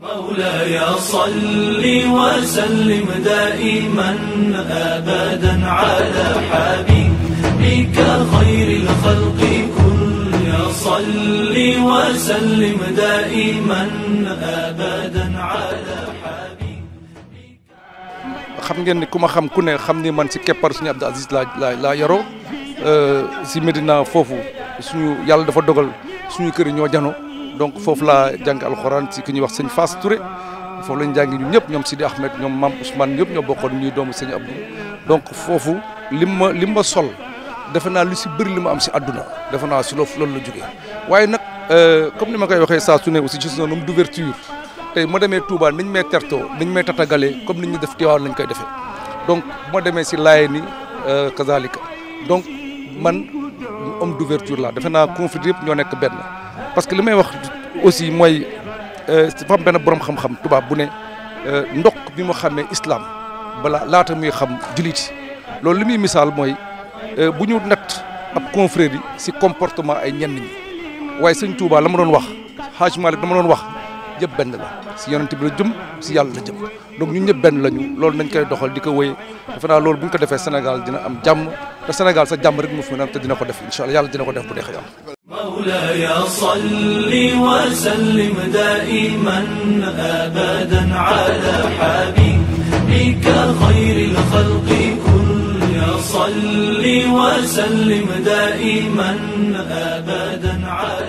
مولاي صل وسلم دائما ابدا على حبيبك خير الخلق كل صل وسلم دائما ابدا على حبيبك خم ген كوما خم كون خم ني مان عبد العزيز لا لا يرو آه، سي مدينه فوفو سنيو يالا دا فا دوغال سنيو donc foofu laa jàng alxuraan ci ki ñuy wax sëñ Fass Touré foofu lañ jàngi ñun ñëpp ñoom Sidi Ahmed ñoom Mame Ousmane ñëpp ñoo bokkoon ñuy doomu sëñ Abdou donc foofu lim ma lim sol defe naa lu si bëri li ma am si àdduna defe naa si loolu la jógee waaye nag euh, comme ni ma koy waxee saa su ne aussi gis na nom d'ouverture tey ma demee Touba niñ may tertoo niñ may tatagalee comme ni ñu def Tiwaawan lañ koy defee donc bu ma demee si laaye ni euh, kazalika donc man homme d'ouverture là defe naa conflit yëpp ñoo nekk benn parce que li may wax aussi mooy euh, dafa am benn borom xam-xam tubaab bu ne euh, ndok bi mu xamee islam balaa laata muy xam juliti loolu li muy misaal mooy euh, bu ñu natt ab confrérie yi si comportement ay ñenn ñi waaye sëñ Touba la ma doon wax Hadj Malick la ma doon wax yëpp benn la si yonent bi la jëm si yàlla la jëm donc ñun ñëpp benn lañu loolu nañ koy doxal di ko wéy defe naa loolu bu ñu ko defee Sénégal dina am jàmm. te Sénégal sa jàmm rek mu fi naan te dina ko def incha allah yàlla dina ko def bu neexee yàlla. مولاي صل وسلم دائما ابدا على حبيبك خير الخلق كل صل وسلم دائما ابدا على